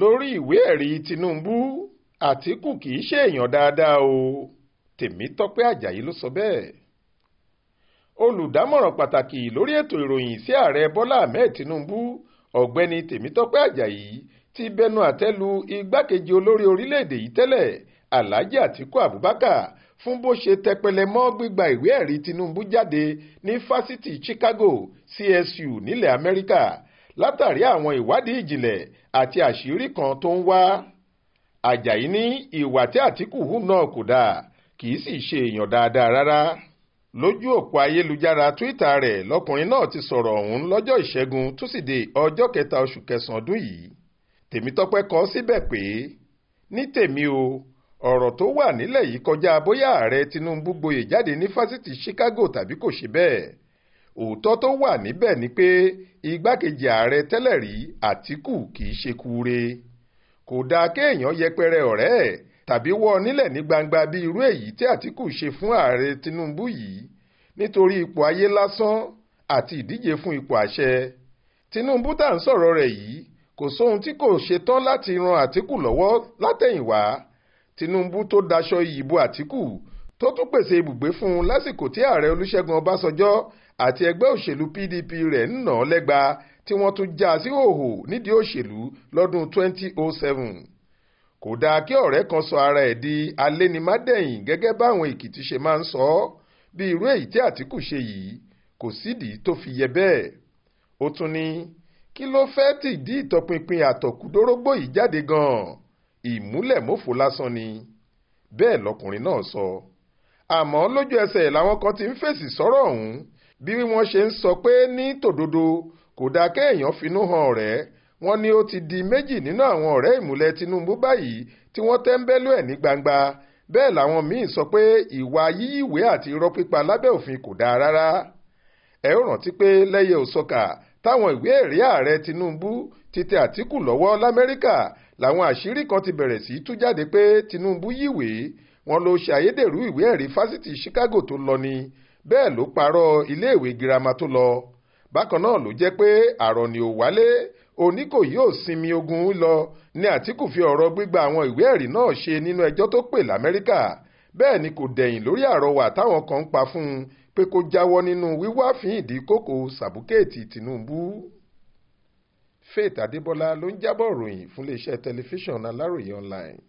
lórí ìwé ẹ̀rí Tinubu Àtíkù kì í ṣe èèyàn dáadáa o Tèmítọ́pẹ́ Àjàyí ló sọ bẹ́ẹ̀ olùdámọ̀ràn pàtàkì lórí ètò ìròyìn sí ààrẹ Bọ́lá Ahmed Tinubu ọ̀gbẹ́ni Tèmítọ́pẹ́ Àjàyí ti bẹnu àtẹ́ lu igbákejì olórí orílẹ̀-èdè yìí tẹ́lẹ̀ Alhaji Atiku Abubakar fún bó ṣe tẹpẹlẹ mọ́ gbígba ìwé ẹ̀rí Tinubu jáde ní fásitì Chicago CSU nílẹ̀ Amẹ́ríkà látàrí àwọn ìwádìí ìjìnlẹ̀ àti àṣírí kan tó ń wá Àjàyí ní ìwà tí Àtìkù hù náà kò dáa kì í sì ṣe èèyàn dáadáa rárá lójú òpó ayélujára Twitter rẹ̀ lọkùnrin náà ti sọ̀rọ̀ ọ̀hún lọ́jọ́ ìṣẹ́gun túsídẹ̀ẹ́ ọjọ́ kẹta oṣù kẹsàn-án ọdún yìí Tèmítọ́pẹ́ kọ síbẹ̀ pé ní tèmi o ọ̀rọ̀ tó wà nílẹ̀ yìí kọjá bóyá ààrẹ Tinubu gboyè jáde ní fásitì Chicago tàbí kò ṣe bẹ́ẹ̀ òótọ́ tó wà níbẹ̀ ni pé igbákejì ààrẹ tẹ́lẹ̀ rí àtìkù kì í ṣe kúure kò dáa kéèyàn yẹpẹrẹ ọ̀rẹ́ ẹ̀ tàbí wọ́ nílẹ̀ ní gbangba bí irú èyí tí àtìkù ṣe fún ààrẹ tinubu yìí nítorí ipò ayé lásán àti ìdíje fún ipò àṣẹ tinubu tá à ń sọ̀rọ̀ rẹ̀ yìí kò sóhun tí kò ṣetán láti ran àtìkù lọ́wọ́ látẹ̀yìnwá tinubu tó daṣọ ìyìbò àtìkù tó tún pèsè ibùgbé fún un lásìkò tí ààrẹ olúṣẹ́gun ọbásanjọ́ àti ẹgbẹ́ òṣèlú pdp rẹ̀ ń nà án lẹ́gba tí wọ́n tún já sí hòhò nídìí òṣèlú lọ́dún 2007 kò dáa kí ọ̀rẹ́ kan sọ ara ẹ̀ di alénimádẹ̀yìn gẹ́gẹ́ báwọn èkìtì ṣe máa ń sọ ọ́ bí irú èyí tí àtìkù ṣe yìí kò sídìí tó fi yẹ bẹ́ẹ̀ ó tún ní kí ló fẹ́ tìdí ìtọpinpin àtọ̀kùdórógbó yìí jáde gan-an lásán ni bẹ́ẹ̀ lọkùnrin náà sọ. So àmọ́ lójú ẹsẹ̀ làwọn kan ti ń fèsì sọ́rọ̀ ọ̀hún bí wọ́n ṣe ń sọ pé ní tòdodo kò dáa kéèyàn finú hàn ọ̀rẹ́ wọ́n ní ó ti di méjì nínú àwọn ọ̀rẹ́ ìmùlẹ̀ Tinubu báyìí tí wọ́n tẹ́ńbẹ́lú ẹ̀ ní gbangba bẹ́ẹ̀ làwọn míín sọ pé ìwà yíyí ìwé àti irọ́ pípa lábẹ́ òfin kò dáa rárá ẹ ó rántí pé lẹ́yẹ òsọkà táwọn ìwé ẹ̀rí ààrẹ Tinubu ti tẹ Àtíkù lọ́wọ́ l'Amẹ́ríkà làwọn àṣírí kan ti bẹ̀rẹ̀ sí tú jáde pé Tinubu yíwèé wọ́n ló ṣe àyédèrú ìwé ẹ̀rí fásitì Chicago tó lọ ni bẹ́ẹ̀ ló parọ́ iléèwé girama tó lọ bákan náà ló jẹ́ pé àrọ̀ ni ò wálé òní kò yóò sinmi ogun lọ ní Àtíkù fi ọ̀rọ̀ gbígba àwọn ìwé ẹ̀rí náà ṣe nínú ẹjọ́ tó pè l'Amẹ́ríkà bẹ́ẹ̀ ni kò dẹ̀yìn lórí àrọwà táwọn kan ń pa fún un pé kó jáwọ́ nínú wíwáfin ìdí kòkò sàbúkẹ́ẹ̀tì Tinubu. Faith Adébọlá ló ń jábọ̀ ròyìn fún iléeṣẹ́ tẹlifíṣàn Aláròye online.